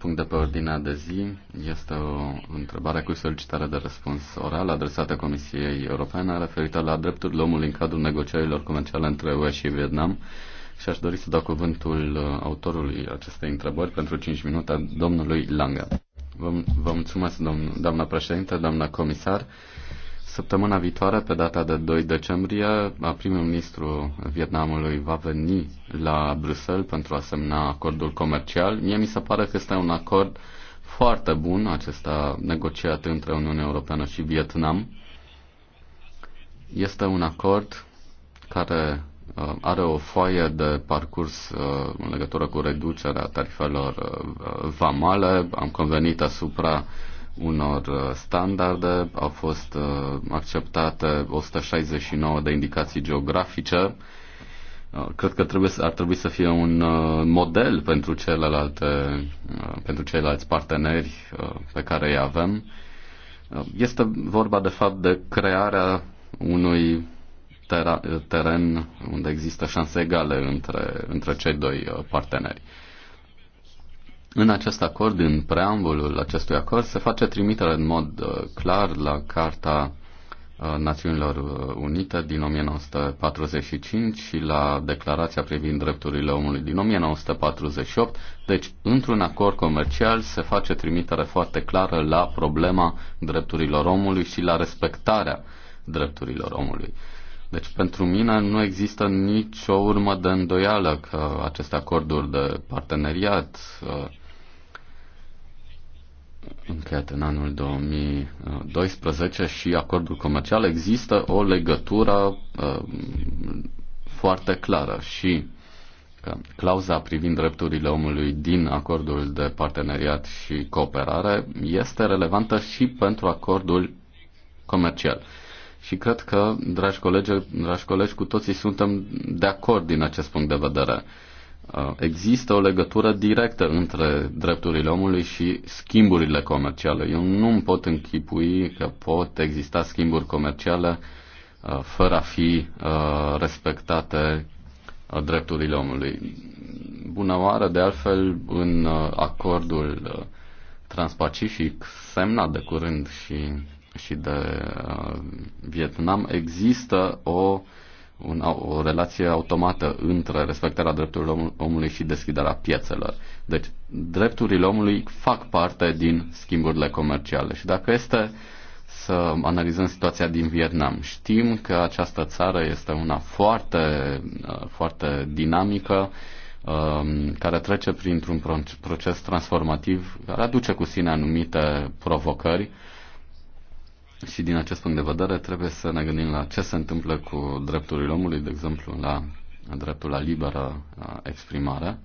punct de pe ordinea de zi este o întrebare cu solicitare de răspuns oral adresată Comisiei Europene referită la drepturile omului în cadrul negocierilor comerciale între UE și Vietnam. Și aș dori să dau cuvântul uh, autorului acestei întrebări pentru 5 minute, domnului Langa. Vă, vă mulțumesc, domn, doamna președinte, doamna comisar. Săptămâna viitoare, pe data de 2 decembrie, primul ministru Vietnamului va veni la Bruxelles pentru a semna acordul comercial. Mie mi se pare că este un acord foarte bun, acesta negociat între Uniunea Europeană și Vietnam. Este un acord care uh, are o foaie de parcurs uh, în legătură cu reducerea tarifelor uh, vamale. Am convenit asupra unor uh, standarde, au fost uh, acceptate 169 de indicații geografice. Uh, cred că trebuie, ar trebui să fie un model pentru, celelalte, pentru ceilalți parteneri pe care îi avem. Este vorba, de fapt, de crearea unui teren unde există șanse egale între, între cei doi parteneri. În acest acord, în preambulul acestui acord, se face trimitere în mod uh, clar la Carta uh, Națiunilor uh, Unite din 1945 și la Declarația privind drepturile omului din 1948. Deci, într-un acord comercial se face trimitere foarte clară la problema drepturilor omului și la respectarea drepturilor omului. Deci, pentru mine nu există nicio urmă de îndoială că aceste acorduri de parteneriat încheiat în anul 2012 și acordul comercial există o legătură uh, foarte clară și că uh, clauza privind drepturile omului din acordul de parteneriat și cooperare este relevantă și pentru acordul comercial. Și cred că, dragi colegi, dragi colegi, cu toții suntem de acord din acest punct de vedere. Uh, Uh, există o legătură directă între drepturile omului și schimburile comerciale. Eu nu îmi pot închipui că pot exista schimburi comerciale uh, fără a fi uh, respectate drepturile omului. Bună oară, de altfel, în acordul transpacific semnat de curând și, și de Vietnam există o uh, un, o relație automată între respectarea drepturilor omului și deschiderea piețelor. Deci, drepturile omului fac parte din schimburile comerciale. Și dacă este să analizăm situația din Vietnam, știm că această țară este una foarte, uh, foarte dinamică, um, care trece printr-un proces transformativ, care aduce cu sine anumite provocări, și din acest punct de vedere trebuie să ne gândim la ce se întâmplă cu drepturile omului, de exemplu la dreptul la liberă exprimare.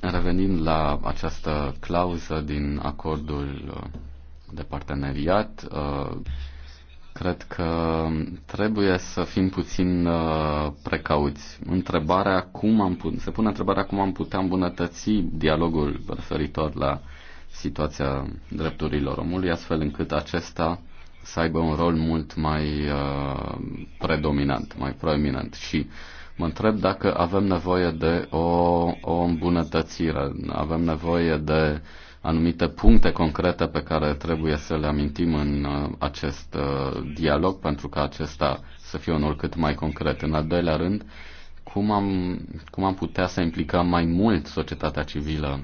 Revenind la această clauză din acordul de parteneriat, Cred că trebuie să fim puțin uh, precauți. Întrebarea cum am put- se pune întrebarea cum am putea îmbunătăți dialogul referitor la situația drepturilor omului, astfel încât acesta să aibă un rol mult mai uh, predominant, mai proeminent. Și mă întreb dacă avem nevoie de o, o îmbunătățire, avem nevoie de uh, anumite puncte concrete pe care trebuie să le amintim în uh, acest uh, dialog pentru ca acesta să fie unul cât mai concret. În al doilea rând, cum am, cum am putea să implicăm mai mult societatea civilă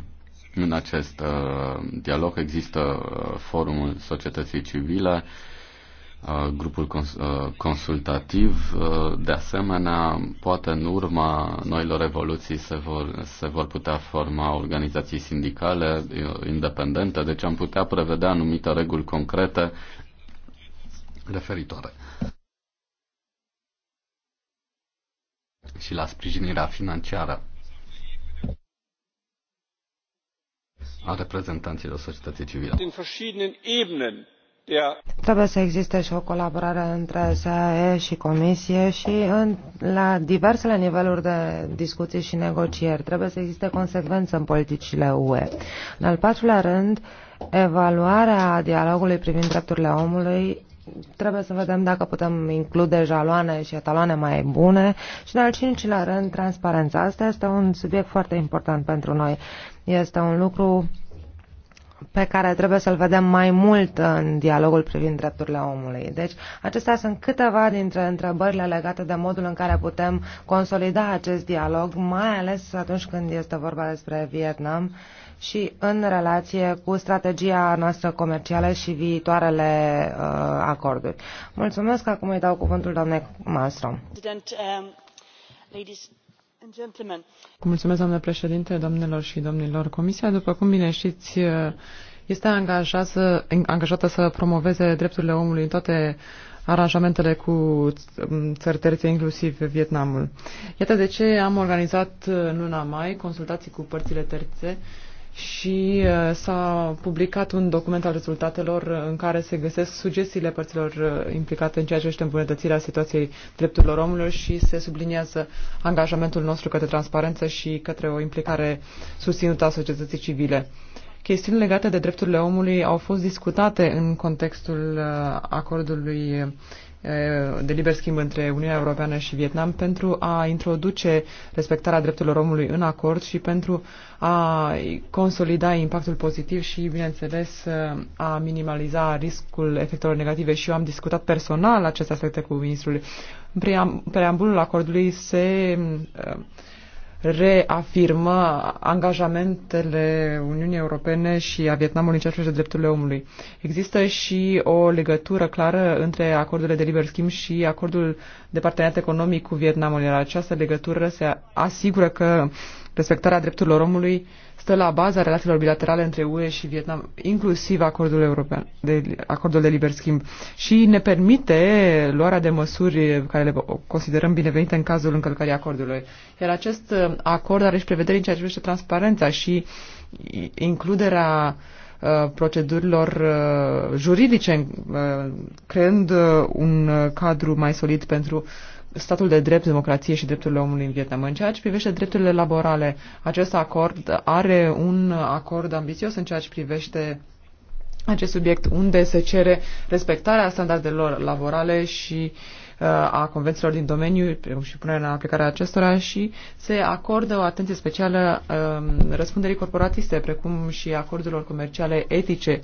în acest uh, dialog. Există uh, forumul societății civile, Uh, grupul cons- uh, consultativ. Uh, de asemenea, poate în urma noilor evoluții se vor, se vor putea forma organizații sindicale independente, deci am putea prevedea anumite reguli concrete referitoare. Și la sprijinirea financiară a reprezentanților societății civile. Trebuie să existe și o colaborare între SAE și Comisie și în, la diversele niveluri de discuții și negocieri. Trebuie să existe consecvență în politicile UE. În al patrulea rând, evaluarea dialogului privind drepturile omului trebuie să vedem dacă putem include jaloane și etaloane mai bune și, în al cincilea rând, transparența. Asta este un subiect foarte important pentru noi. Este un lucru pe care trebuie să-l vedem mai mult în dialogul privind drepturile omului. Deci, acestea sunt câteva dintre întrebările legate de modul în care putem consolida acest dialog, mai ales atunci când este vorba despre Vietnam și în relație cu strategia noastră comercială și viitoarele uh, acorduri. Mulțumesc, acum îi dau cuvântul doamnei Malmström. Mulțumesc, doamnă președinte, domnilor și domnilor. Comisia, după cum bine știți, este angajată, angajată să promoveze drepturile omului în toate aranjamentele cu țări terțe, inclusiv Vietnamul. Iată de ce am organizat în luna mai consultații cu părțile terțe și uh, s-a publicat un document al rezultatelor în care se găsesc sugestiile părților uh, implicate în ceea ce este îmbunătățirea situației drepturilor omului și se subliniază angajamentul nostru către transparență și către o implicare susținută a societății civile. Chestiuni legate de drepturile omului au fost discutate în contextul uh, acordului de liber schimb între Uniunea Europeană și Vietnam pentru a introduce respectarea drepturilor omului în acord și pentru a consolida impactul pozitiv și, bineînțeles, a minimaliza riscul efectelor negative. Și eu am discutat personal aceste aspecte cu ministrul. Preambulul acordului se reafirmă angajamentele Uniunii Europene și a Vietnamului în ceea ce privește drepturile omului. Există și o legătură clară între acordurile de liber schimb și acordul de parteneriat economic cu Vietnamul, iar această legătură se asigură că uh, Respectarea drepturilor omului stă la baza relațiilor bilaterale între UE și Vietnam, inclusiv acordul, european, de, acordul de liber schimb, și ne permite luarea de măsuri care le considerăm binevenite în cazul încălcării acordului. Iar acest uh, acord are și prevederi în ceea ce privește transparența și includerea uh, procedurilor uh, juridice, creând un cadru mai solid pentru statul de drept, democrație și drepturile omului în Vietnam. În ceea ce privește drepturile laborale, acest acord are un acord ambițios în ceea ce privește acest subiect unde se cere respectarea standardelor laborale și uh, a convențiilor din domeniu și punerea în aplicare a acestora și se acordă o atenție specială uh, răspunderii corporatiste, precum și acordurilor comerciale etice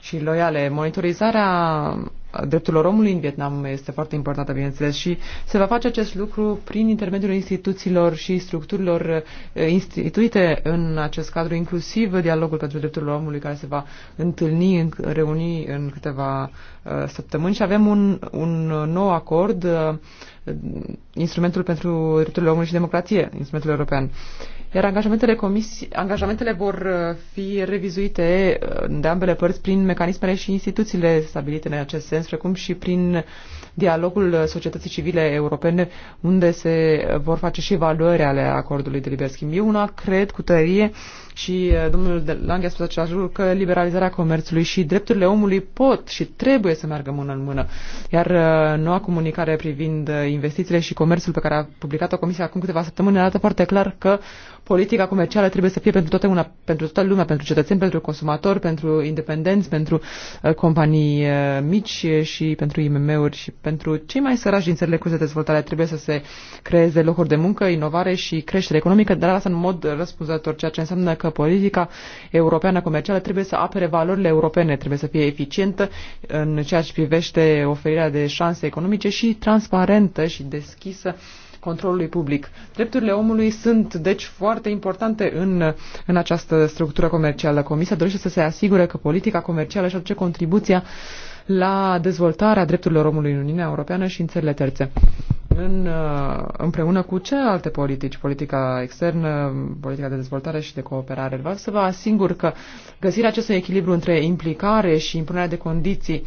și loiale. Monitorizarea drepturilor omului în Vietnam este foarte importantă, bineînțeles, și se va face acest lucru prin intermediul instituțiilor și structurilor instituite în acest cadru, inclusiv dialogul pentru drepturile omului care se va întâlni, în reuni în câteva săptămâni și avem un, un nou acord instrumentul pentru drepturile omului și democrație, instrumentul european. Iar angajamentele, comisii, angajamentele vor uh, fi revizuite uh, de ambele părți prin mecanismele și instituțiile stabilite în acest sens, precum și prin dialogul societății civile europene, unde se uh, vor face și evaluări ale acordului de liber schimb. Eu una cred cu tărie uh, și uh, domnul de Lange a spus același lucru că liberalizarea comerțului și drepturile omului pot și trebuie să meargă mână în mână. Iar uh, noua comunicare privind uh, investițiile și comerțul pe care a publicat-o Comisia acum câteva săptămâni arată foarte clar că politica comercială trebuie să fie pentru toată, una, pentru toată lumea, pentru cetățeni, pentru consumatori, pentru independenți, pentru companii mici și pentru IMM-uri și pentru cei mai săraci din țările cu de dezvoltare. Trebuie să se creeze locuri de muncă, inovare și creștere economică, dar asta în mod răspunzător, ceea ce înseamnă că politica europeană comercială trebuie să apere valorile europene, trebuie să fie eficientă în ceea ce privește oferirea de șanse economice și transparentă și deschisă controlului public. Drepturile omului sunt, deci, foarte importante în, în această structură comercială. Comisia dorește să se asigure că politica comercială își aduce contribuția la dezvoltarea drepturilor omului în Uniunea Europeană și în țările terțe în, uh, împreună cu alte politici, politica externă, politica de dezvoltare și de cooperare. Vreau să vă asigur că găsirea acestui echilibru între implicare și impunerea de condiții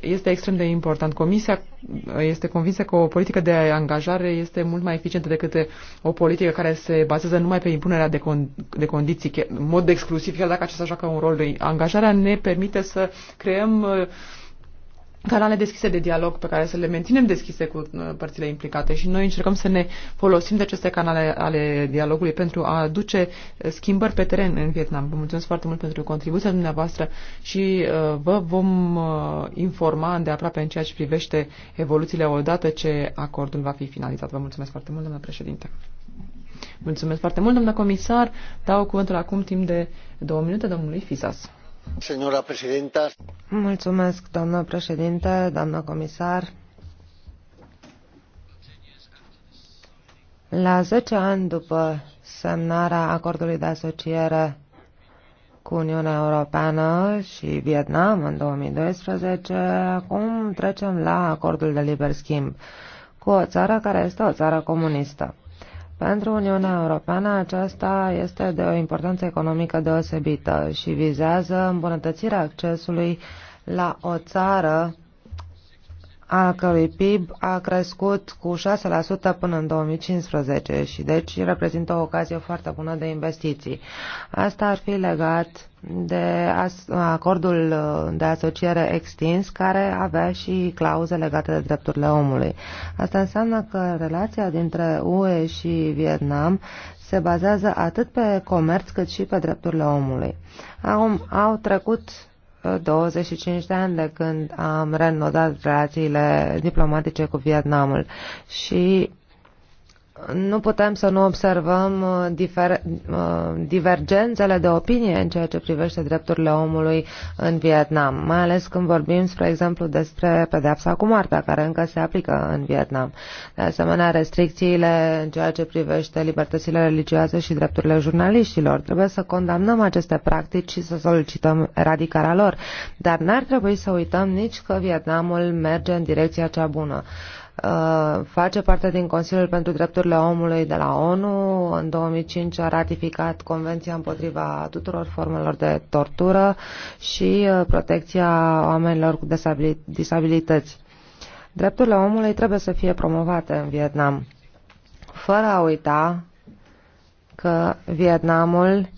este extrem de important. Comisia uh, este convinsă că o politică de angajare este mult mai eficientă decât o politică care se bazează numai pe impunerea de, con- de condiții, în mod exclusiv, chiar dacă acesta joacă un rol. Angajarea ne permite să creăm uh, canale deschise de dialog pe care să le menținem deschise cu uh, părțile implicate și noi încercăm să ne folosim de aceste canale ale dialogului pentru a aduce uh, schimbări pe teren în Vietnam. Vă mulțumesc foarte mult pentru contribuția dumneavoastră și uh, vă vom informa îndeaproape în ceea ce privește evoluțiile odată ce acordul va fi finalizat. Vă mulțumesc foarte mult, domnule președinte. Mulțumesc foarte mult, domnule comisar. Dau cuvântul acum timp de două minute domnului Fisas. Senora președinta. Mulțumesc, doamnă președinte, doamnă comisar. La 10 ani după semnarea acordului de asociere cu Uniunea Europeană și Vietnam în 2012, acum trecem la acordul de liber schimb cu o țară care este o țară comunistă. Pentru Uniunea Europeană aceasta este de o importanță economică deosebită și vizează îmbunătățirea accesului la o țară a cărui PIB a crescut cu 6% până în 2015 și deci reprezintă o ocazie foarte bună de investiții. Asta ar fi legat de acordul uh, de asociere extins care avea și clauze legate de drepturile omului. Asta înseamnă că relația dintre UE și Vietnam se bazează atât pe comerț cât și pe drepturile omului. Au, au trecut 25 de ani de când am renodat relațiile diplomatice cu Vietnamul și nu putem să nu observăm uh, difer, uh, divergențele de opinie în ceea ce privește drepturile omului în Vietnam, mai ales când vorbim, spre exemplu, despre pedepsa cu moartea, care încă se aplică în Vietnam. De asemenea, restricțiile în ceea ce privește libertățile religioase și drepturile jurnaliștilor. Trebuie să condamnăm aceste practici și să solicităm eradicarea lor, dar n-ar trebui să uităm nici că Vietnamul merge în direcția cea bună. Uh, Uh, face parte din Consiliul pentru Drepturile Omului de la ONU. În 2005 a ratificat Convenția împotriva tuturor formelor de tortură și uh, protecția oamenilor cu disabilități. Drepturile omului trebuie să fie promovate în Vietnam, fără a uita că Vietnamul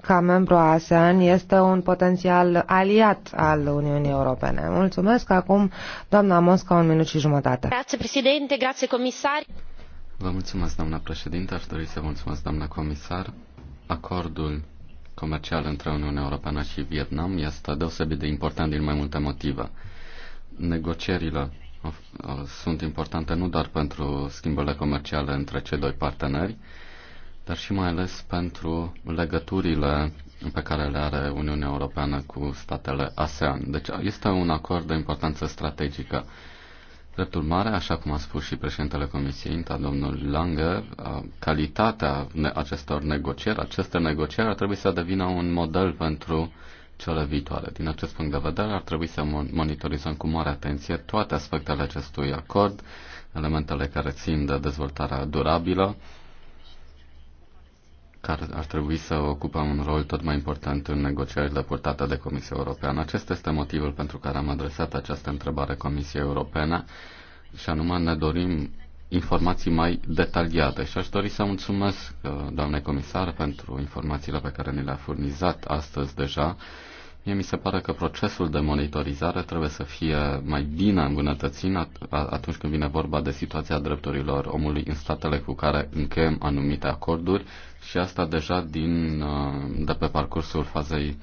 ca membru a ASEAN este un potențial aliat al Uniunii Europene. Mulțumesc acum, doamna Mosca, un minut și jumătate. Grație, președinte, grație, comisar. Vă mulțumesc, doamna președinte. Aș dori să mulțumesc, doamna comisar. Acordul comercial între Uniunea Europeană și Vietnam este deosebit de important din mai multe motive. Negocierile sunt importante nu doar pentru schimbările comerciale între cei doi parteneri, dar și mai ales pentru legăturile pe care le are Uniunea Europeană cu statele ASEAN. Deci este un acord de importanță strategică. Dreptul mare, așa cum a spus și președintele Comisiei INTA, domnul Langer, calitatea acestor negocieri, aceste negocieri ar trebui să devină un model pentru cele viitoare. Din acest punct de vedere, ar trebui să monitorizăm cu mare atenție toate aspectele acestui acord, elementele care țin de dezvoltarea durabilă, care ar trebui să ocupe un rol tot mai important în negocierile purtate de Comisia Europeană. Acesta este motivul pentru care am adresat această întrebare Comisiei Europene și anume ne dorim informații mai detaliate și aș dori să mulțumesc, uh, doamnei comisar, pentru informațiile pe care ni le-a furnizat astăzi deja. Mie mi se pare că procesul de monitorizare trebuie să fie mai bine îmbunătățit atunci când vine vorba de situația drepturilor omului în statele cu care încheiem anumite acorduri și asta deja din, uh, de pe parcursul fazei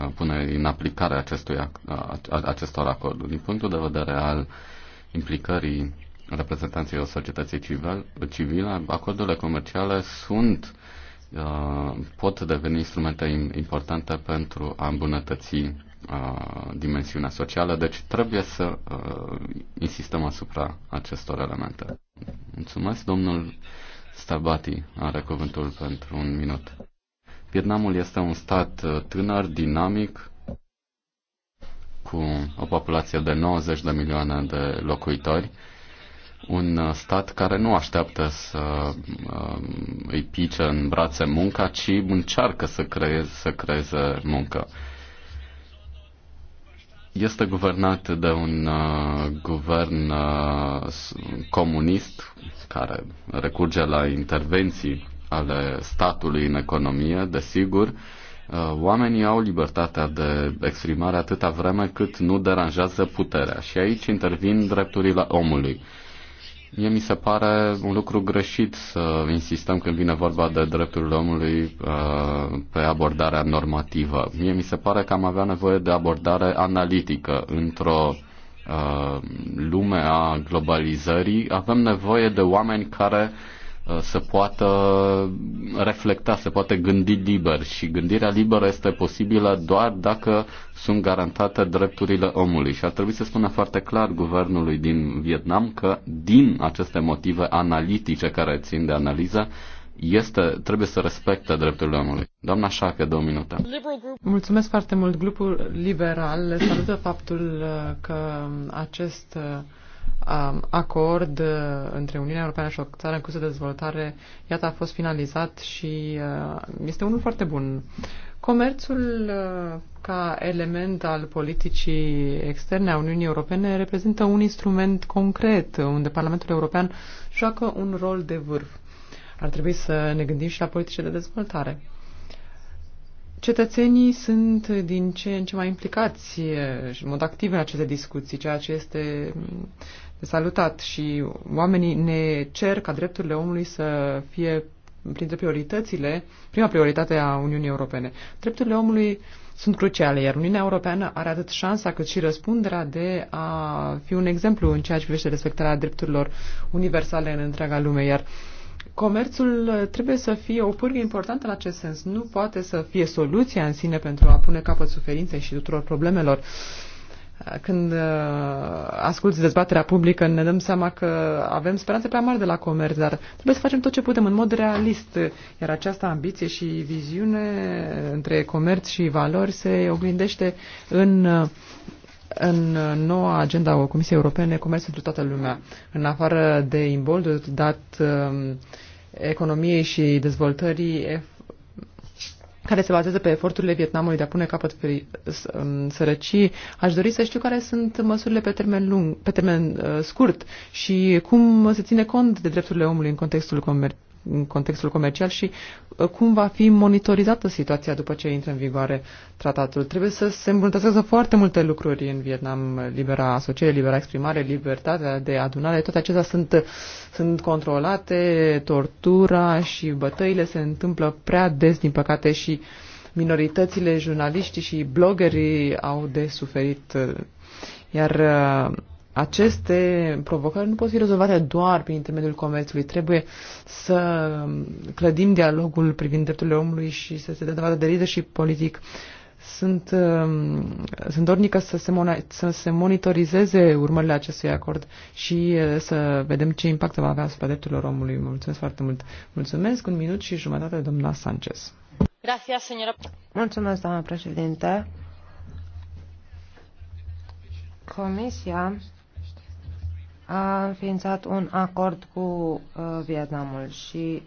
uh, până în aplicare acestui, acestor acorduri. Din punctul de vedere al implicării o societății civile, acordurile comerciale sunt uh, pot deveni instrumente importante pentru a îmbunătăți dimensiunea socială, deci trebuie să insistăm asupra acestor elemente. Mulțumesc, domnul Stabati are cuvântul pentru un minut. Vietnamul este un stat uh, tânăr, dinamic, cu o populație de 90 de milioane de locuitori, un uh, stat care nu așteaptă să um, îi pice în brațe munca, ci încearcă să creeze, să creeze muncă este guvernat de un uh, guvern uh, comunist care recurge la intervenții ale statului în economie, desigur. Uh, oamenii au libertatea de exprimare atâta vreme cât nu deranjează puterea și aici intervin drepturile omului. Uh, Mie mi se pare un lucru greșit să insistăm când vine vorba de drepturile omului uh, pe abordarea normativă. Mie mi se pare că am avea nevoie de abordare analitică. Într-o uh, lume a globalizării avem nevoie de oameni care Uh, să poată reflecta, să poată gândi liber și gândirea liberă este posibilă doar dacă sunt garantate drepturile omului și ar trebui să spună foarte clar guvernului din Vietnam că din aceste motive analitice care țin de analiză este, trebuie să respecte drepturile omului. Doamna Șacă, două minute. Mulțumesc foarte mult. Grupul liberal salută faptul uh, că acest uh, Um, acord uh, între Uniunea Europeană și o țară în curs de dezvoltare, iată, a fost finalizat și uh, este unul foarte bun. Comerțul uh, ca element al politicii externe a Uniunii Europene reprezintă un instrument concret unde Parlamentul European joacă un rol de vârf. Ar trebui să ne gândim și la politice de dezvoltare. Cetățenii sunt din ce în ce mai implicați și în mod activ în aceste discuții, ceea ce este de salutat și oamenii ne cer ca drepturile omului să fie printre prioritățile, prima prioritate a Uniunii Europene. Drepturile omului sunt cruciale, iar Uniunea Europeană are atât șansa cât și răspunderea de a fi un exemplu în ceea ce privește respectarea drepturilor universale în întreaga lume, iar comerțul trebuie să fie o pârghie importantă în acest sens. Nu poate să fie soluția în sine pentru a pune capăt suferinței și tuturor problemelor. Uh, când uh, asculti dezbaterea publică, ne dăm seama că avem speranțe prea mari de la comerț, dar trebuie să facem tot ce putem în mod realist. Iar această ambiție și viziune între comerț și valori se oglindește în în noua agenda a Comisiei Europene Comerț pentru toată lumea, în afară de imboldul dat um, economiei și dezvoltării, care se bazează pe eforturile Vietnamului de a pune capăt um, sărăcii, aș dori să știu care sunt măsurile pe termen, lung, pe termen uh, scurt și cum se ține cont de drepturile omului în contextul comer- în contextul comercial și uh, cum va fi monitorizată situația după ce intră în vigoare tratatul. Trebuie să se îmbunătățească foarte multe lucruri în Vietnam, libera asociere, libera exprimare, libertatea de adunare, toate acestea sunt, sunt controlate, tortura și bătăile se întâmplă prea des, din păcate, și minoritățile, jurnaliștii și bloggerii au de suferit iar uh, aceste provocări nu pot fi rezolvate doar prin intermediul comerțului. Trebuie să clădim dialogul privind drepturile omului și să se dea dovadă de leadership politic. Sunt, um, sunt dornică să se, mona- să se monitorizeze urmările acestui acord și uh, să vedem ce impact va avea asupra drepturilor omului. Mulțumesc foarte mult. Mulțumesc. Un minut și jumătate, doamna Sanchez. Gracias, Mulțumesc, doamna președinte. Comisia a înființat un acord cu uh, Vietnamul și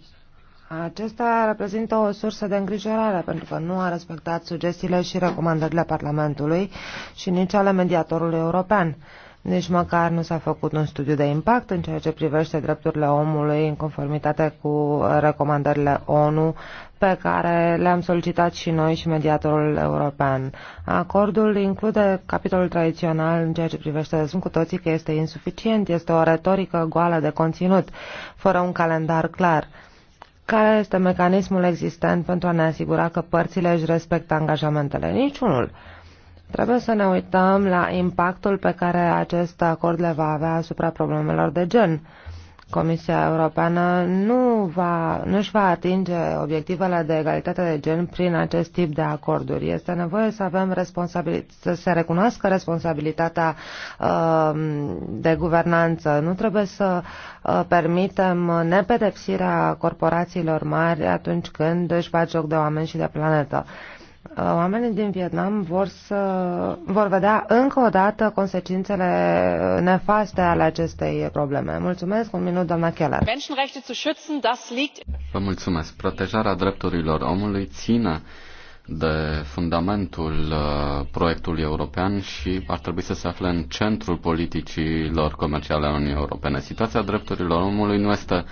acesta reprezintă o sursă de îngrijorare pentru că nu a respectat sugestiile și recomandările Parlamentului și nici ale mediatorului european. Nici măcar nu s-a făcut un studiu de impact în ceea ce privește drepturile omului în conformitate cu recomandările ONU pe care le-am solicitat și noi și mediatorul european. Acordul include capitolul tradițional în ceea ce privește, sunt cu toții că este insuficient, este o retorică goală de conținut, fără un calendar clar. Care este mecanismul existent pentru a ne asigura că părțile își respectă angajamentele? Niciunul. Trebuie să ne uităm la impactul pe care acest acord le va avea asupra problemelor de gen Comisia Europeană nu, va, nu își va atinge obiectivele de egalitate de gen prin acest tip de acorduri. Este nevoie să avem să se recunoască responsabilitatea uh, de guvernanță. Nu trebuie să uh, permitem nepedepsirea corporațiilor mari atunci când își fac joc de oameni și de planetă. Uh, Oamenii din Vietnam vor, să, vor vedea încă o dată consecințele nefaste ale acestei probleme. Mulțumesc, un minut, doamna Keller. Vă mulțumesc. Protejarea drepturilor omului ține de fundamentul uh, proiectului european și ar trebui să se afle în centrul politicilor comerciale a Uniunii Europene. Situația drepturilor omului nu este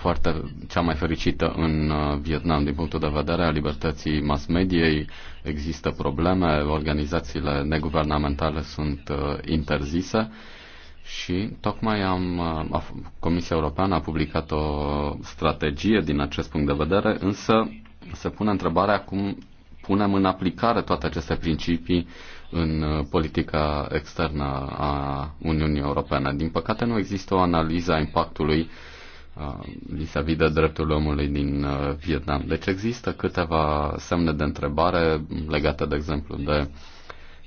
foarte, cea mai fericită în uh, Vietnam din punctul de vedere a libertății mass mediei. Există probleme, organizațiile neguvernamentale sunt uh, interzise și tocmai am, uh, Comisia Europeană a publicat o strategie din acest punct de vedere, însă se pune întrebarea cum punem în aplicare toate aceste principii în politica externă a Uniunii Europene. Din păcate nu există o analiză a impactului uh, vis-a-vis -vis de drepturile omului din uh, Vietnam. Deci există câteva semne de întrebare legate, de exemplu, de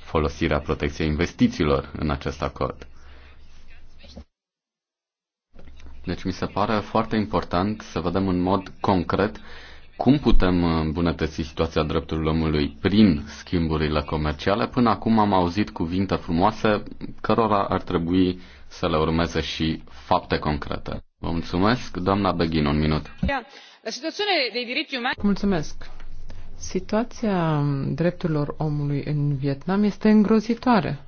folosirea protecției investițiilor în acest acord. Deci mi se pare foarte important să vedem în mod concret cum putem îmbunătăți situația drepturilor omului prin schimburile comerciale. Până acum am auzit cuvinte frumoase cărora ar trebui să le urmeze și fapte concrete un minut. Situația drepturilor omului în Vietnam este îngrozitoare.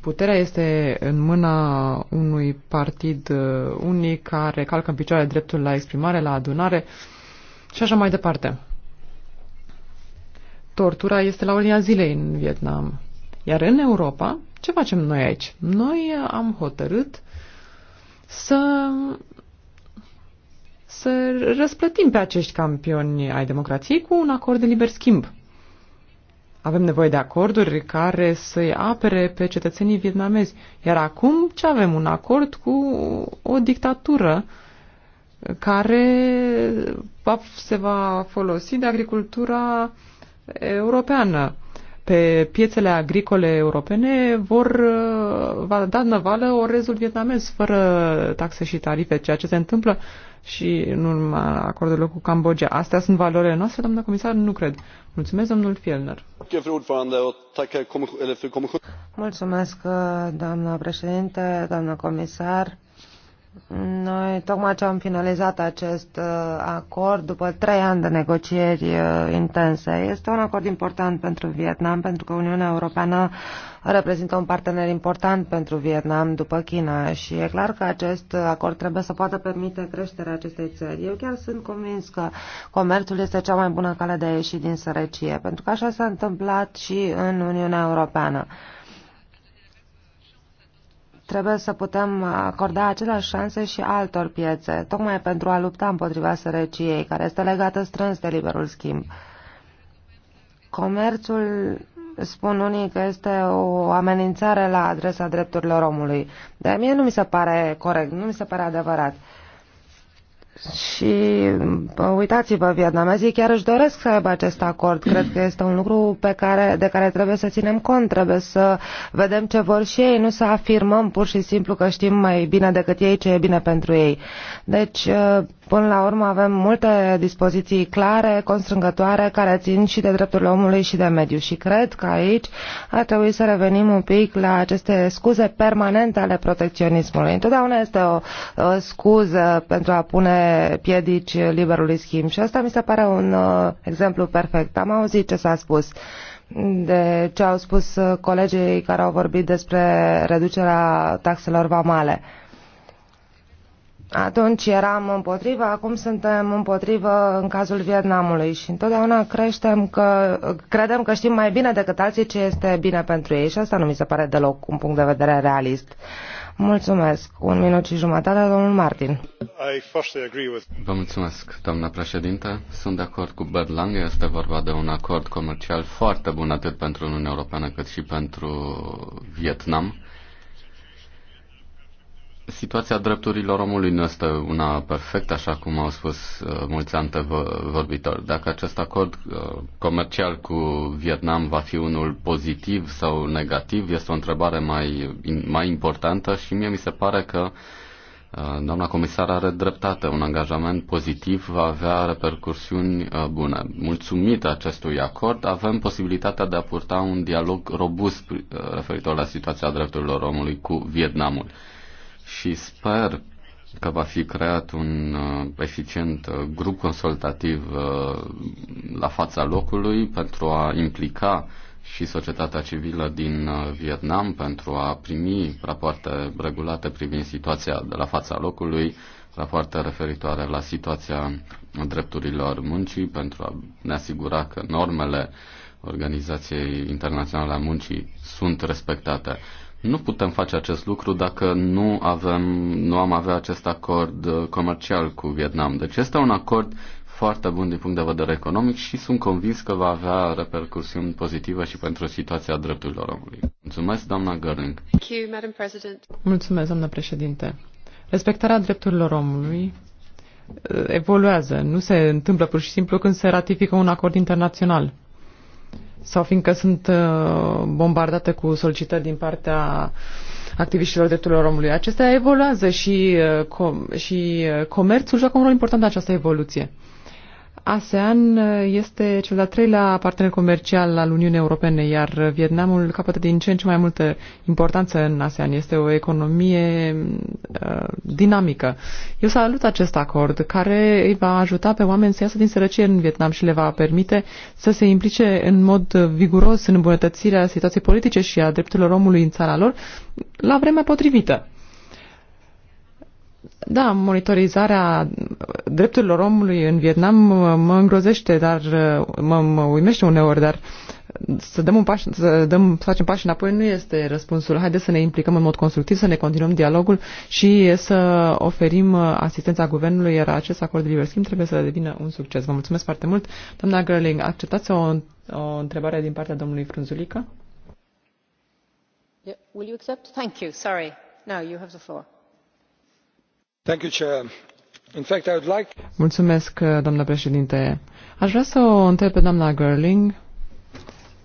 Puterea este în mâna unui partid uh, unic care calcă în picioare dreptul la exprimare, la adunare și așa mai departe. Tortura este la ordinea zilei în Vietnam. Iar în Europa, ce facem noi aici? Noi am hotărât să, să răsplătim pe acești campioni ai democrației cu un acord de liber schimb. Avem nevoie de acorduri care să-i apere pe cetățenii vietnamezi. Iar acum ce avem? Un acord cu o dictatură care se va folosi de agricultura europeană pe piețele agricole europene vor uh, va da năvală orezul vietnamez fără taxe și tarife, ceea ce se întâmplă și în urma acordurilor cu Cambodgia. Astea sunt valorile noastre, doamnă comisar? Nu cred. Mulțumesc, domnul Fielner. Mulțumesc, doamnă președinte, doamnă comisar. Noi tocmai ce am finalizat acest uh, acord după trei ani de negocieri uh, intense. Este un acord important pentru Vietnam, pentru că Uniunea Europeană reprezintă un partener important pentru Vietnam după China și e clar că acest acord trebuie să poată permite creșterea acestei țări. Eu chiar sunt convins că comerțul este cea mai bună cale de a ieși din sărăcie, pentru că așa s-a întâmplat și în Uniunea Europeană. Trebuie să putem acorda aceleași șanse și altor piețe, tocmai pentru a lupta împotriva sărăciei, care este legată strâns de liberul schimb. Comerțul, spun unii că este o amenințare la adresa drepturilor omului, dar mie nu mi se pare corect, nu mi se pare adevărat. Uh, și uitați-vă, vietnamezii chiar își doresc să aibă acest acord. Cred că este un lucru pe care, de care trebuie să ținem cont, trebuie să vedem ce vor și ei, nu să afirmăm pur și simplu că știm mai bine decât ei ce e bine pentru ei. Deci Până la urmă avem multe dispoziții clare, constrângătoare, care țin și de drepturile omului și de mediu. Și cred că aici ar trebui să revenim un pic la aceste scuze permanente ale protecționismului. Întotdeauna este o, o scuză pentru a pune piedici liberului schimb. Și asta mi se pare un uh, exemplu perfect. Am auzit ce s-a spus de ce au spus uh, colegii care au vorbit despre reducerea taxelor vamale. Uh, atunci eram împotriva, acum suntem împotriva în cazul Vietnamului și întotdeauna creștem că, credem că știm mai bine decât alții ce este bine pentru ei și asta nu mi se pare deloc un punct de vedere realist. Mulțumesc. Un minut și jumătate, domnul Martin. Vă mulțumesc, doamna președinte. Sunt de acord cu Bert Lange. Este vorba de un acord comercial foarte bun atât pentru Uniunea Europeană cât și pentru Vietnam Situația drepturilor omului nu este una perfectă, așa cum au spus uh, mulți antevorbitori. Dacă acest acord uh, comercial cu Vietnam va fi unul pozitiv sau negativ, este o întrebare mai, mai importantă și mie mi se pare că uh, Doamna comisar are dreptate, un angajament pozitiv va avea repercursiuni uh, bune. Mulțumit acestui acord, avem posibilitatea de a purta un dialog robust uh, referitor la situația drepturilor omului cu Vietnamul și sper că va fi creat un uh, eficient uh, grup consultativ uh, la fața locului pentru a implica și societatea civilă din Vietnam pentru a primi rapoarte regulate privind situația de la fața locului, rapoarte referitoare la situația drepturilor muncii pentru a ne asigura că normele Organizației Internaționale a Muncii sunt respectate. Nu putem face acest lucru dacă nu, avem, nu am avea acest acord uh, comercial cu Vietnam. Deci este un acord foarte bun din punct de vedere economic și sunt convins că va avea repercusiuni pozitive și pentru situația drepturilor omului. Mulțumesc, doamna President. Mulțumesc, doamna președinte. Respectarea drepturilor omului uh, evoluează, nu se întâmplă pur și simplu când se ratifică un acord internațional sau fiindcă sunt uh, bombardate cu solicitări din partea activiștilor drepturilor omului. Acestea evoluează și, uh, com- și uh, comerțul joacă un rol important în această evoluție. ASEAN uh, este cel de-al treilea partener comercial al Uniunii Europene, iar Vietnamul capătă din ce în ce mai multă importanță în ASEAN. Este o economie uh, dinamică. Eu salut acest acord care îi va ajuta pe oameni să iasă din sărăcie în Vietnam și le va permite să se implice în mod viguros în îmbunătățirea situației politice și a drepturilor omului în țara lor la vremea potrivită. Da, monitorizarea drepturilor omului în Vietnam uh, mă îngrozește, dar uh, mă, mă uimește uneori, dar să dăm un pas, să, dăm, să facem pași înapoi nu este răspunsul. Haideți să ne implicăm în mod constructiv, să ne continuăm dialogul și să oferim uh, asistența guvernului, iar acest acord de liber schimb trebuie să devină un succes. Vă mulțumesc foarte mult. Doamna Gröling, acceptați o, o întrebare din partea domnului Frunzulică? Yeah, will you accept? Thank you. Sorry. Now you have the floor. Mulțumesc, președinte. Aș vrea să o întreb pe doamna girling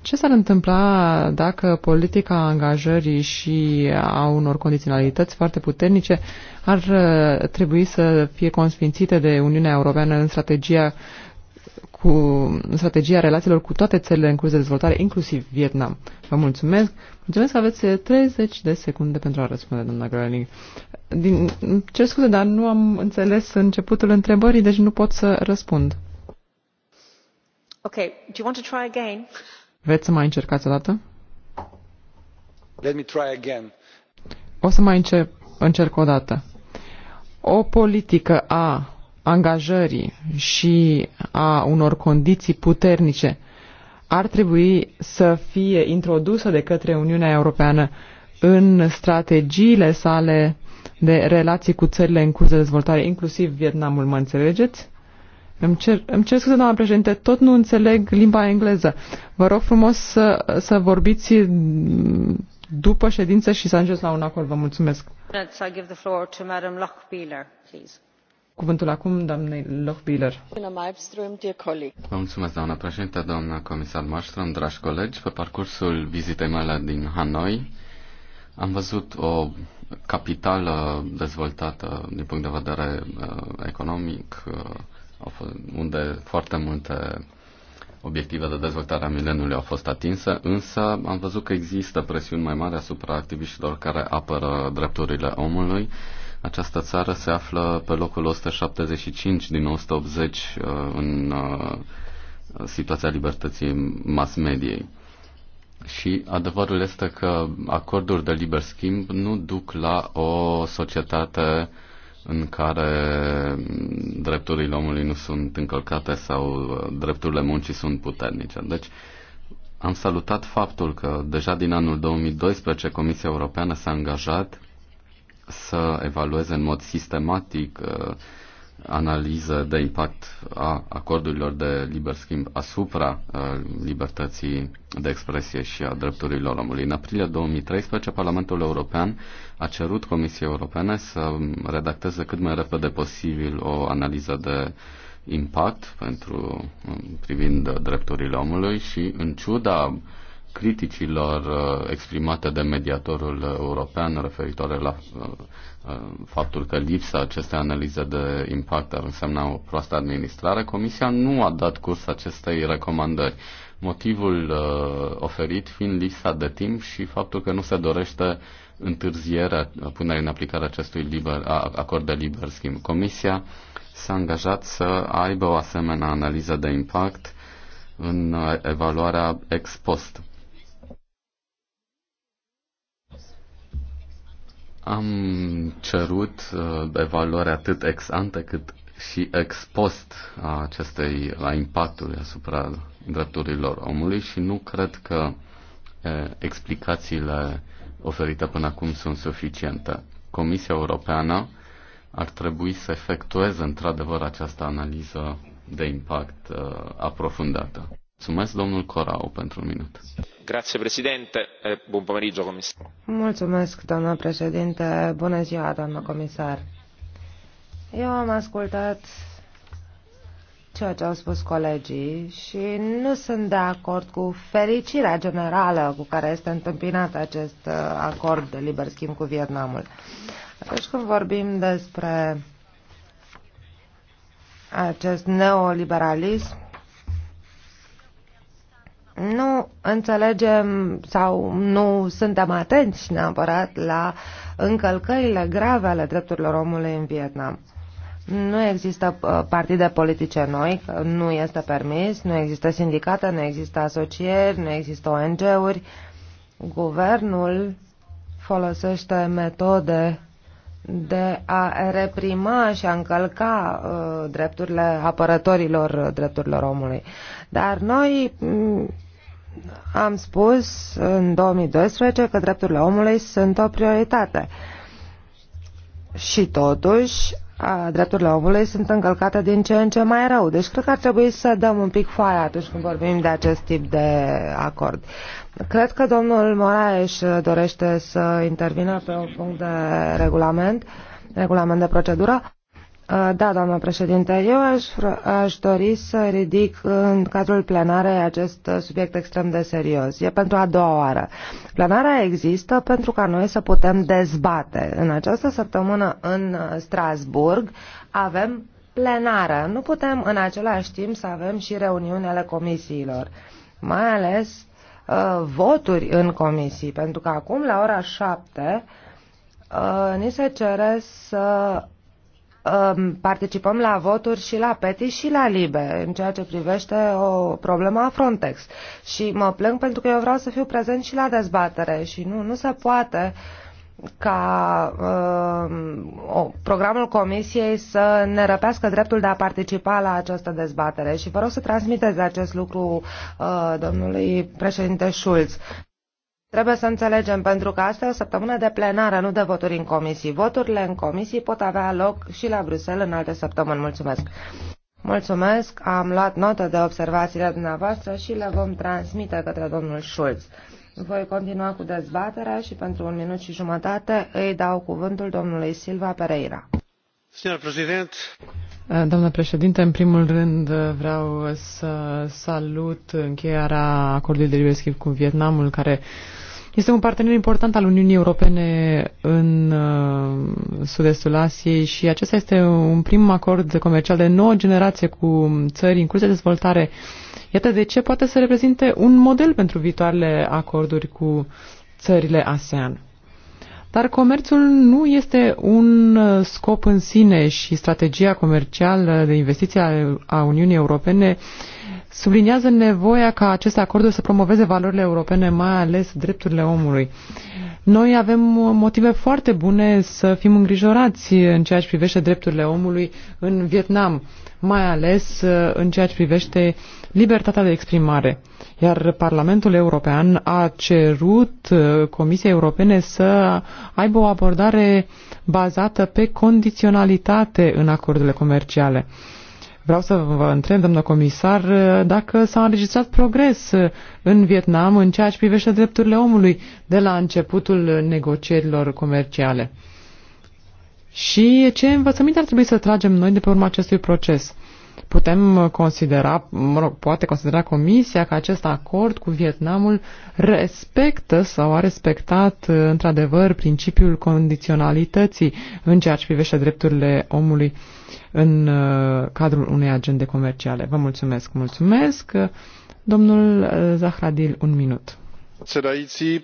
ce s-ar întâmpla dacă politica angajării și a unor condiționalități foarte puternice ar uh, trebui să fie consfințite de Uniunea Europeană în strategia cu strategia relațiilor cu toate țările în curs de dezvoltare, inclusiv Vietnam. Vă mulțumesc. Mulțumesc că aveți 30 de secunde pentru a răspunde, doamna Groening. Din, cer scuze, dar nu am înțeles începutul întrebării, deci nu pot să răspund. Ok, do you want to try again? Vreți să mai încercați o dată? Let me try again. O să mai încerc, încerc o dată. O politică a angajării și a unor condiții puternice ar trebui să fie introdusă de către Uniunea Europeană în strategiile sale de relații cu țările în curs de dezvoltare, inclusiv Vietnamul, mă înțelegeți? Îmi cer, îmi cer scuze, doamna președinte, tot nu înțeleg limba engleză. Vă rog frumos să, să vorbiți după ședință și să ajungeți la un acord. Vă mulțumesc. give the floor to Madam Lochbieler, please. Cuvântul acum doamnei Lochbiller. Vă mulțumesc, doamna președinte, doamna comisar Marström, dragi colegi. Pe parcursul vizitei mele din Hanoi am văzut o capitală dezvoltată din punct de vedere uh, economic, uh, unde foarte multe obiective de dezvoltare a mileniului au fost atinse, însă am văzut că există presiuni mai mari asupra activiștilor care apără drepturile omului această țară se află pe locul 175 din 180 uh, în uh, situația libertății mass mediei. Și adevărul este că acorduri de liber schimb nu duc la o societate în care drepturile omului nu sunt încălcate sau uh, drepturile muncii sunt puternice. Deci am salutat faptul că deja din anul 2012 Comisia Europeană s-a angajat să evalueze în mod sistematic uh, analiză de impact a acordurilor de liber schimb asupra uh, libertății de expresie și a drepturilor omului. În aprilie 2013, Parlamentul European a cerut Comisiei Europene să redacteze cât mai repede posibil o analiză de impact pentru um, privind drepturile omului și în ciuda uh, criticilor uh, exprimate de mediatorul european referitoare la uh, uh, faptul că lipsa acestei analize de impact ar însemna o proastă administrare, Comisia nu a dat curs acestei recomandări. Motivul oferit fiind lipsa de timp și faptul că nu se dorește întârzierea punerii în aplicare acestui liber, acord de liber schimb. Comisia s-a angajat să aibă o asemenea analiză de impact în evaluarea ex post Am cerut uh, evaluare atât ex ante cât și ex post a acestei, la impactului asupra drepturilor omului și nu cred că uh, explicațiile oferite până acum sunt suficiente. Comisia Europeană ar trebui să efectueze într-adevăr această analiză de impact uh, aprofundată. Mulțumesc, domnul Corau, pentru un minut. Grazie, președinte. Bun pomeriggio, comisar. Mulțumesc, doamna președinte. Bună ziua, doamna comisar. Eu am ascultat ceea ce au spus colegii și nu sunt de acord cu fericirea generală cu care este întâmpinat acest uh, acord de liber schimb cu Vietnamul. Atunci când vorbim despre acest neoliberalism, nu înțelegem sau nu suntem atenți neapărat la încălcările grave ale drepturilor omului în Vietnam. Nu există uh, partide politice noi, nu este permis, nu există sindicate, nu există asocieri, nu există ONG-uri. Guvernul folosește metode de a reprima și a încălca uh, drepturile apărătorilor uh, drepturilor omului. Dar noi am spus în 2012 că drepturile omului sunt o prioritate. Și totuși, drepturile omului sunt încălcate din ce în ce mai rău. Deci cred că ar trebui să dăm un pic foaia atunci când vorbim de acest tip de acord. Cred că domnul Moraes dorește să intervină pe un punct de regulament, regulament de procedură. Uh, da, doamna președinte, eu aș, aș dori să ridic în cadrul plenarei acest uh, subiect extrem de serios. E pentru a doua oară. Plenarea există pentru ca noi să putem dezbate. În această săptămână în uh, Strasburg avem plenară. Nu putem în același timp să avem și reuniuni ale comisiilor, mai ales uh, voturi în comisii, pentru că acum la ora șapte uh, ni se cere să Um, participăm la voturi și la PETI și la LIBE în ceea ce privește o problemă a Frontex. Și mă plâng pentru că eu vreau să fiu prezent și la dezbatere și nu, nu se poate ca uh, programul Comisiei să ne răpească dreptul de a participa la această dezbatere. Și vă rog să transmiteți acest lucru uh, domnului președinte Schulz. Trebuie să înțelegem, pentru că asta e o săptămână de plenară, nu de voturi în comisii. Voturile în comisii pot avea loc și la Bruxelles în alte săptămâni. Mulțumesc! Mulțumesc, am luat notă de observațiile dumneavoastră și le vom transmite către domnul Schulz. Voi continua cu dezbaterea și pentru un minut și jumătate îi dau cuvântul domnului Silva Pereira. Doamnă președinte, în primul rând vreau să salut încheierea acordului de liber schimb cu Vietnamul, care este un partener important al Uniunii Europene în uh, sud-estul Asiei și acesta este un prim acord comercial de nouă generație cu țări în curs de dezvoltare. Iată de ce poate să reprezinte un model pentru viitoarele acorduri cu țările ASEAN. Dar comerțul nu este un scop în sine și strategia comercială de investiție a Uniunii Europene uh, subliniază nevoia ca aceste acorduri să promoveze valorile europene, mai ales drepturile omului. Noi avem motive foarte bune să fim îngrijorați în ceea ce privește drepturile omului în Vietnam, mai ales uh, în ceea ce privește libertatea de exprimare. Iar Parlamentul European a cerut uh, Comisiei Europene să aibă o abordare bazată pe condiționalitate în acordurile comerciale. Vreau să vă întreb, domnul comisar, dacă s-a înregistrat progres în Vietnam în ceea ce privește drepturile omului de la începutul negocierilor comerciale. Și ce învățăminte ar trebui să tragem noi de pe urma acestui proces? Putem considera, mă rog, poate considera Comisia că acest acord cu Vietnamul respectă sau a respectat într-adevăr principiul condiționalității în ceea ce privește drepturile omului. Uh, în uh, cadrul unei agende comerciale. Vă mulțumesc, mulțumesc. Domnul Zahradil, un minut. Sedaiții,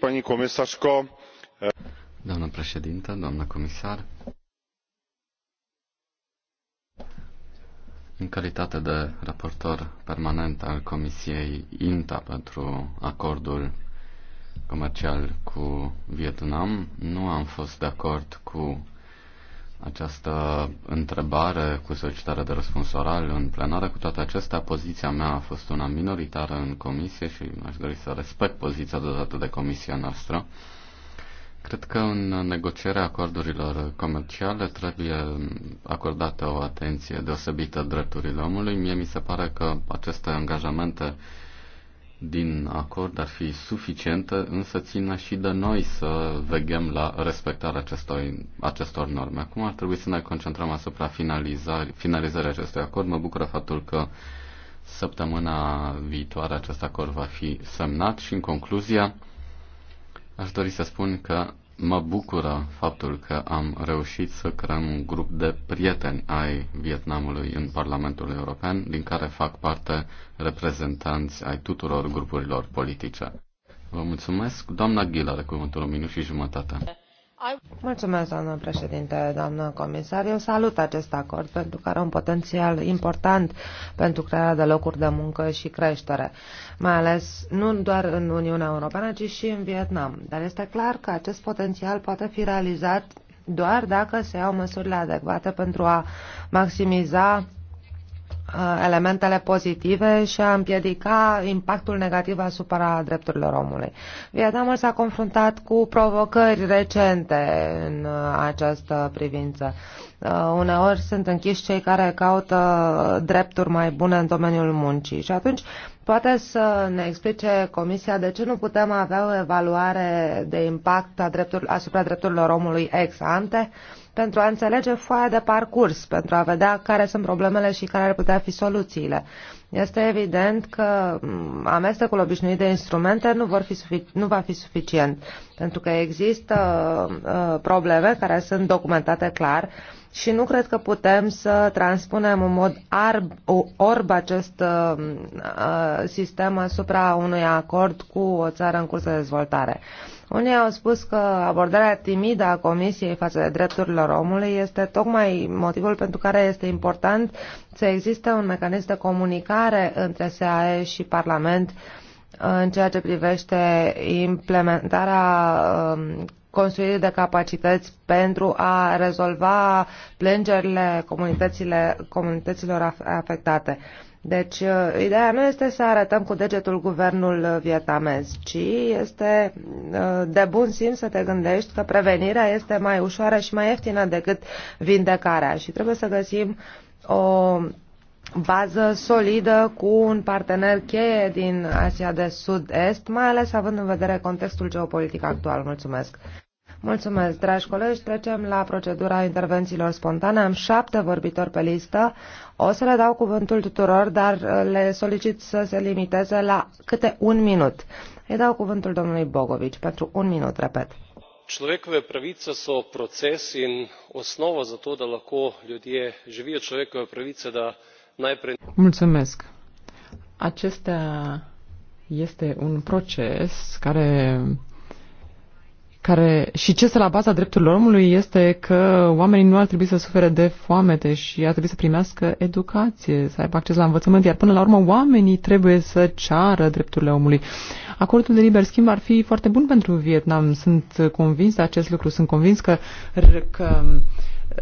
Doamnă președintă, doamnă comisar. În calitate de raportor permanent al Comisiei INTA pentru acordul comercial cu Vietnam, nu am fost de acord cu această întrebare cu solicitare de răspuns oral în plenară. Cu toate acestea, poziția mea a fost una minoritară în comisie și aș dori să respect poziția dată de comisia noastră. Cred că în negocierea acordurilor comerciale trebuie acordată o atenție deosebită drepturilor omului. Mie mi se pare că aceste angajamente din acord ar fi suficientă, însă țină și de noi să veghem la respectarea acestor, acestor norme. Acum ar trebui să ne concentrăm asupra finalizării, finalizării acestui acord. Mă bucură faptul că săptămâna viitoare acest acord va fi semnat și în concluzia aș dori să spun că Mă bucură faptul că am reușit să creăm un grup de prieteni ai Vietnamului în Parlamentul European, din care fac parte reprezentanți ai tuturor grupurilor politice. Vă mulțumesc. Doamna Ghila, are cuvântul minut și jumătate. Mulțumesc, doamnă președinte, doamnă comisar. Eu salut acest acord pentru că are un potențial important pentru crearea de locuri de muncă și creștere, mai ales nu doar în Uniunea Europeană, ci și în Vietnam. Dar este clar că acest potențial poate fi realizat doar dacă se iau măsurile adecvate pentru a maximiza Uh, elementele pozitive și a împiedica impactul negativ asupra drepturilor omului. Vietnamul s-a confruntat cu provocări recente în uh, această privință. Uh, uneori sunt închiși cei care caută drepturi mai bune în domeniul muncii și atunci poate să ne explice Comisia de ce nu putem avea o evaluare de impact a dreptur, asupra drepturilor omului ex ante? Uh, pentru a înțelege foaia de parcurs, pentru a vedea care sunt problemele și care ar putea fi soluțiile. Este evident că mm, amestecul obișnuit de instrumente nu, vor fi nu va fi suficient, pentru că există uh, probleme care sunt documentate clar uh, și nu cred că putem să transpunem în mod arb, orb acest uh, uh, sistem asupra unui acord cu o țară în curs de dezvoltare. Unii au spus că abordarea timidă a Comisiei față de drepturile omului este tocmai motivul pentru care este important să existe un mecanism de comunicare între SAE și Parlament în ceea ce privește implementarea um, construire de capacități pentru a rezolva plângerile comunităților afectate. Deci, uh, ideea nu este să arătăm cu degetul guvernul uh, vietnamez, ci este uh, de bun simț să te gândești că prevenirea este mai ușoară și mai ieftină decât vindecarea și trebuie să găsim o bază solidă cu un partener cheie din Asia de Sud-Est, mai ales având în vedere contextul geopolitic actual. Mulțumesc! Mulțumesc, dragi colegi. Trecem la procedura intervențiilor spontane. Am șapte vorbitori pe listă. O să le dau cuvântul tuturor, dar uh, le solicit să se limiteze la câte un minut. Îi dau cuvântul domnului Bogovici pentru un minut, repet. Človekove pravice so proces in osnova za to, da lahko ljudje živijo človekove pravice, da Mulțumesc. Acesta este un proces care care și ce este la baza drepturilor omului este că oamenii nu ar trebui să sufere de foamete și ar trebui să primească educație, să aibă acces la învățământ, iar până la urmă oamenii trebuie să ceară drepturile omului. Acordul de liber schimb ar fi foarte bun pentru Vietnam. Sunt convins de acest lucru. Sunt convins că, că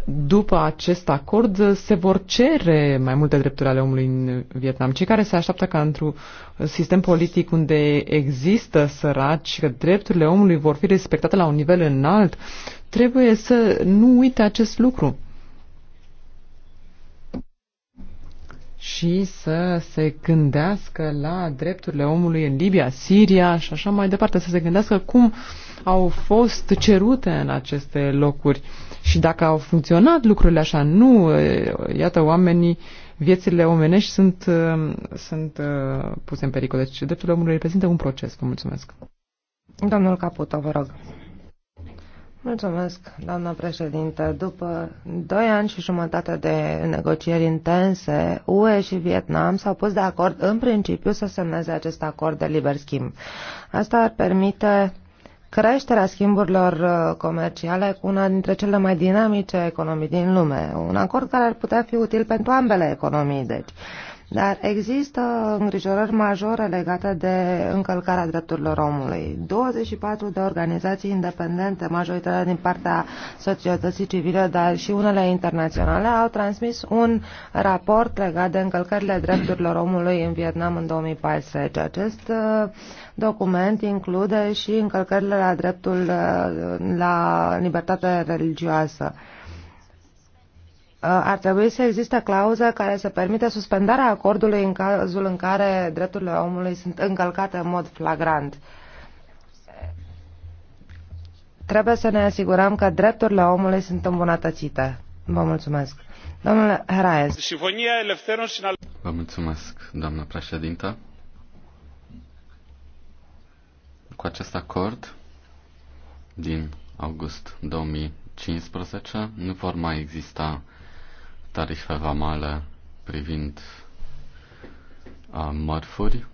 după acest acord se vor cere mai multe drepturi ale omului în Vietnam. Cei care se așteaptă ca într-un sistem politic unde există săraci, că drepturile omului vor fi respectate la un nivel înalt, trebuie să nu uite acest lucru. și să se gândească la drepturile omului în Libia, Siria și așa mai departe, să se gândească cum au fost cerute în aceste locuri. Și dacă au funcționat lucrurile așa, nu, iată, oamenii, viețile omenești sunt, sunt puse în pericol. Deci dreptul omului reprezintă un proces. Vă mulțumesc. Domnul Caputo, vă rog. Mulțumesc, doamna președinte. După doi ani și jumătate de negocieri intense, UE și Vietnam s-au pus de acord în principiu să semneze acest acord de liber schimb. Asta ar permite creșterea schimburilor uh, comerciale cu una dintre cele mai dinamice economii din lume. Un acord care ar putea fi util pentru ambele economii, deci. Dar există îngrijorări majore legate de încălcarea drepturilor omului. 24 de organizații independente, majoritatea din partea societății civile, dar și unele internaționale, au transmis un raport legat de încălcările drepturilor omului în Vietnam în 2014. Acest uh, document include și încălcările la dreptul uh, la libertate religioasă ar trebui să existe clauze care să permită suspendarea acordului în cazul în care drepturile omului sunt încălcate în mod flagrant. Trebuie să ne asigurăm că drepturile omului sunt îmbunătățite. Vă mulțumesc. Domnule Heraes. Vă mulțumesc, doamnă președintă. Cu acest acord din august 2015 nu vor mai exista tarife vamale privind mărfuri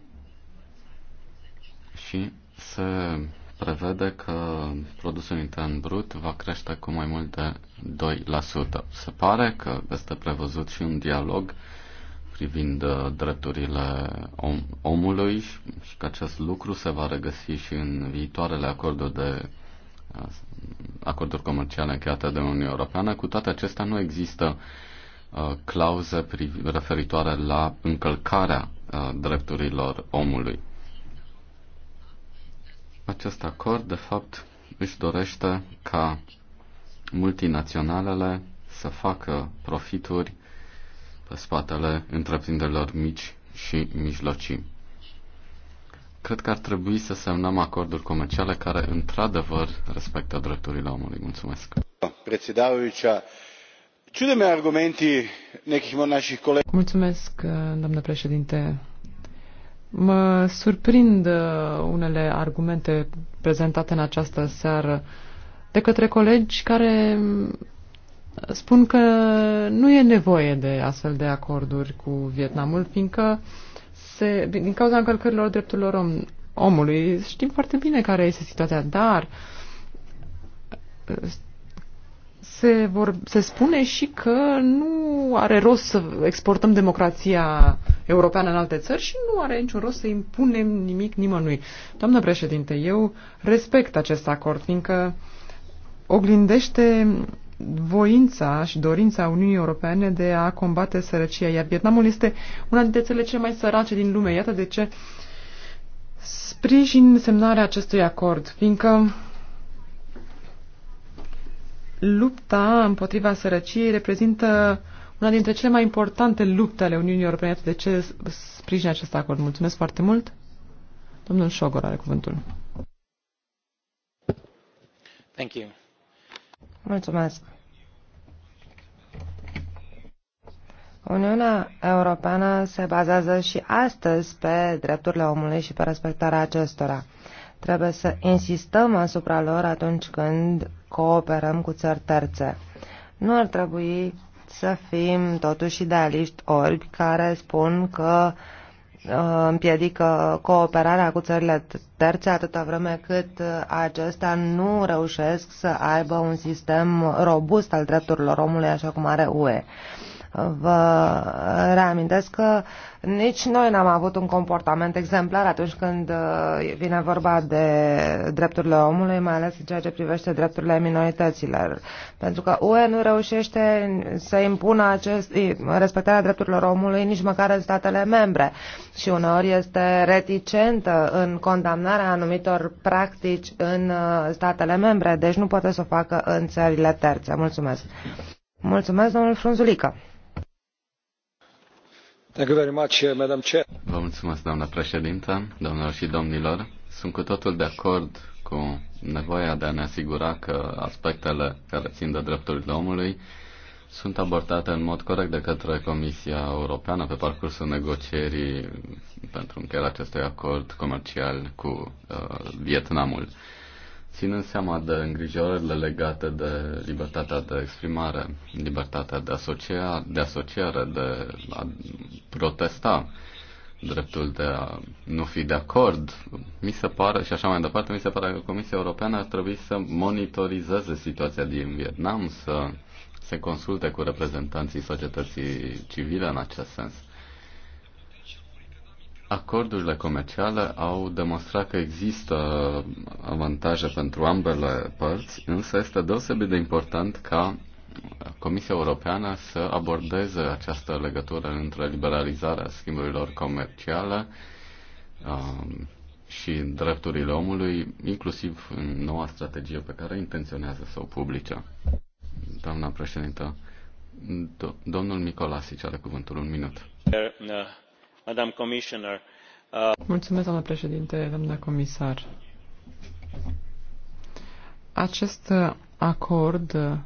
și se prevede că produsul intern brut va crește cu mai mult de 2%. Se pare că este prevăzut și un dialog privind drepturile om, omului și că acest lucru se va regăsi și în viitoarele acorduri de acorduri comerciale încheiate de Uniunea Europeană. Cu toate acestea nu există Uh, clauze referitoare la încălcarea uh, drepturilor omului. Acest acord, de fapt, își dorește ca multinaționalele să facă profituri pe spatele întreprinderilor mici și mijlocii. Cred că ar trebui să semnăm acorduri comerciale care, într-adevăr, respectă drepturile omului. Mulțumesc. Președinte, Mulțumesc, uh, doamnă președinte. Mă surprind uh, unele argumente prezentate în această seară de către colegi care mm, spun că nu e nevoie de astfel de acorduri cu Vietnamul, fiindcă se, din cauza încălcărilor drepturilor om, omului, știm foarte bine care este situația, dar uh, se, vor, se spune și că nu are rost să exportăm democrația europeană în alte țări și nu are niciun rost să impunem nimic nimănui. Doamnă președinte, eu respect acest acord, fiindcă oglindește voința și dorința Uniunii Europene de a combate sărăcia, iar Vietnamul este una dintre țările cele mai sărace din lume. Iată de ce sprijin semnarea acestui acord, fiindcă Lupta împotriva sărăciei reprezintă una dintre cele mai importante lupte ale Uniunii Europene. De ce sprijin acest acord? Mulțumesc foarte mult. Domnul Șogor are cuvântul. Thank you. Mulțumesc. Uniunea Europeană se bazează și astăzi pe drepturile omului și pe respectarea acestora. Trebuie să insistăm asupra lor atunci când cooperăm cu țări terțe. Nu ar trebui să fim totuși idealiști orbi care spun că uh, împiedică cooperarea cu țările terțe atâta vreme cât uh, acestea nu reușesc să aibă un sistem robust al drepturilor omului așa cum are UE. Vă reamintesc că nici noi n-am avut un comportament exemplar atunci când uh, vine vorba de drepturile omului, mai ales în ceea ce privește drepturile minorităților. Pentru că UE nu reușește să impună acest, respectarea drepturilor omului nici măcar în statele membre și uneori este reticentă în condamnarea anumitor practici în uh, statele membre, deci nu poate să o facă în țările terțe. Mulțumesc! Mulțumesc, domnul Frunzulică! Uh, Vă mulțumesc, doamna președintă, domnilor și domnilor. Sunt cu totul de acord cu nevoia de a ne asigura că aspectele care țin de drepturile omului sunt abordate în mod corect de către Comisia Europeană pe parcursul negocierii pentru încheierea acestui acord comercial cu uh, Vietnamul ținând seama de îngrijorările legate de libertatea de exprimare, libertatea de, asocia, de asociere, de a protesta, dreptul de a nu fi de acord, mi se pare, și așa mai departe, mi se pare că Comisia Europeană ar trebui să monitorizeze situația din Vietnam, să se consulte cu reprezentanții societății civile în acest sens. Acordurile comerciale au demonstrat că există avantaje pentru ambele părți, însă este deosebit de important ca Comisia Europeană să abordeze această legătură între liberalizarea schimburilor comerciale um, și drepturile omului, inclusiv în noua strategie pe care intenționează să o publice. Doamna președintă, domnul Nicolasici are cuvântul un minut. Uh, Mulțumesc, doamnă președinte, doamnă comisar. Acest acord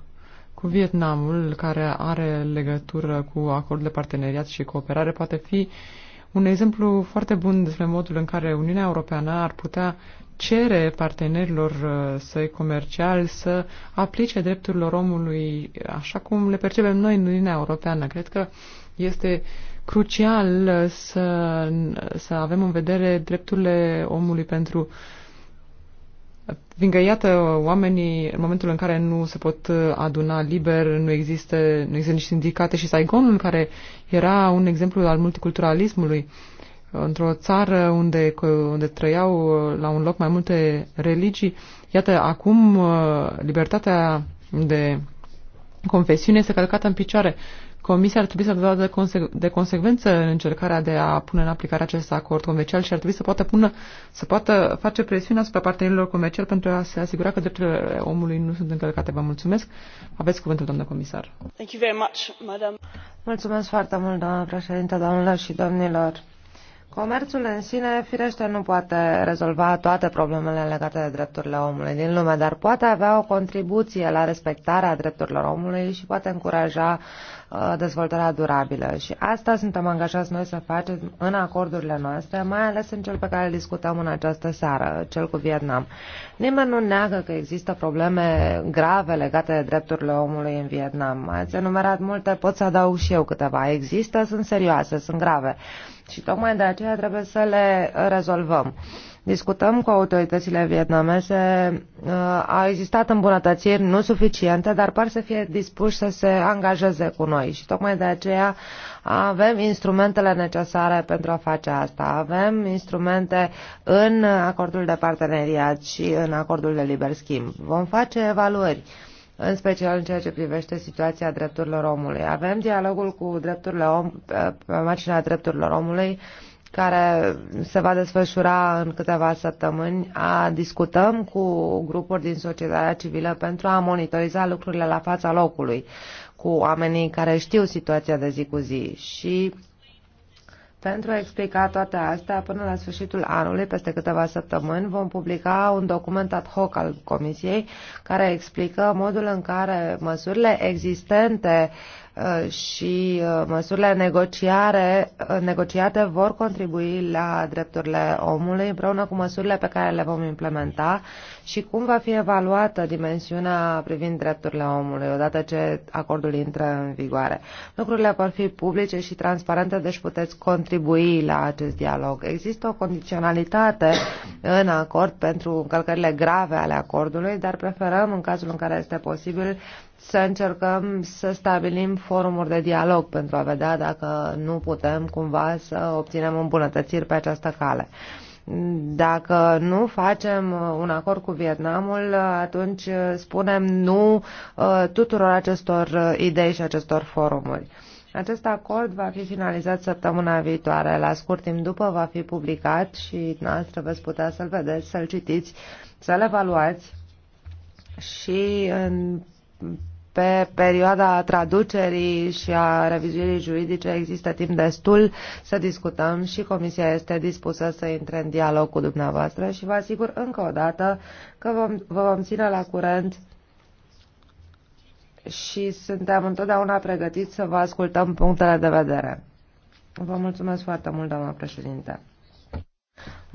cu Vietnamul, care are legătură cu acordul de parteneriat și cooperare, poate fi un exemplu foarte bun despre modul în care Uniunea Europeană ar putea cere partenerilor săi comerciali să aplice drepturilor omului așa cum le percepem noi în Uniunea Europeană. Cred că este crucial uh, să, să avem în vedere drepturile omului pentru Fiindcă, iată, oamenii, în momentul în care nu se pot uh, aduna liber, nu există, nu există nici sindicate și Saigonul, care era un exemplu al multiculturalismului, într-o țară unde, unde trăiau uh, la un loc mai multe religii, iată, acum libertatea de confesiune este călcată în picioare. Comisia ar trebui să vadă de, de consecvență în încercarea de a pune în aplicare acest acord comercial și ar trebui să poată, pună, să poată face presiune asupra partenerilor comerciali pentru a se asigura că drepturile omului nu sunt încălcate. Vă mulțumesc. Aveți cuvântul, doamnă comisar. Thank you very much, madam. Mulțumesc foarte mult, doamnă președinte, doamnelor și domnilor. Comerțul în sine, firește, nu poate rezolva toate problemele legate de drepturile omului din lume, dar poate avea o contribuție la respectarea drepturilor omului și poate încuraja Uh, dezvoltarea durabilă. Și asta suntem angajați noi să facem în acordurile noastre, mai ales în cel pe care îl discutăm în această seară, cel cu Vietnam. Nimeni nu neagă că există probleme grave legate de drepturile omului în Vietnam. Ați enumerat multe, pot să adaug și eu câteva. Există, sunt serioase, sunt grave. Și tocmai de aceea trebuie să le rezolvăm. Uh, discutăm cu autoritățile vietnameze. Uh, au existat îmbunătățiri nu suficiente, dar par să fie dispuși să se angajeze cu noi și tocmai de aceea avem instrumentele necesare pentru a face asta. Avem instrumente în acordul de parteneriat și în acordul de liber schimb. Vom face evaluări în special în ceea ce privește situația drepturilor omului. Avem dialogul cu drepturile om, pe marginea drepturilor omului uh, care se va desfășura în câteva săptămâni, a, discutăm cu grupuri din societatea civilă pentru a monitoriza lucrurile la fața locului, cu oamenii care știu situația de zi cu zi și pentru a explica toate astea, până la sfârșitul anului, peste câteva săptămâni, vom publica un document ad hoc al Comisiei care explică modul în care măsurile existente Uh, și uh, măsurile negociare, uh, negociate vor contribui la drepturile omului împreună cu măsurile pe care le vom implementa și cum va fi evaluată dimensiunea privind drepturile omului odată ce acordul intră în vigoare. Lucrurile vor fi publice și transparente, deci puteți contribui la acest dialog. Există o condiționalitate în acord pentru încălcările grave ale acordului, dar preferăm în cazul în care este posibil să încercăm să stabilim forumuri de dialog pentru a vedea dacă nu putem cumva să obținem îmbunătățiri pe această cale. Dacă nu facem uh, un acord cu Vietnamul, uh, atunci uh, spunem nu tuturor acestor idei și acestor forumuri. Acest acord va fi finalizat săptămâna viitoare. La scurt timp după va fi publicat și noastră veți putea să-l vedeți, să-l citiți, să-l evaluați și în pe perioada traducerii și a revizuirii juridice există timp destul să discutăm și Comisia este dispusă să intre în dialog cu dumneavoastră și vă asigur încă o dată că vom, vă vom ține la curent și suntem întotdeauna pregătiți să vă ascultăm punctele de vedere. Vă mulțumesc foarte mult, doamna președinte.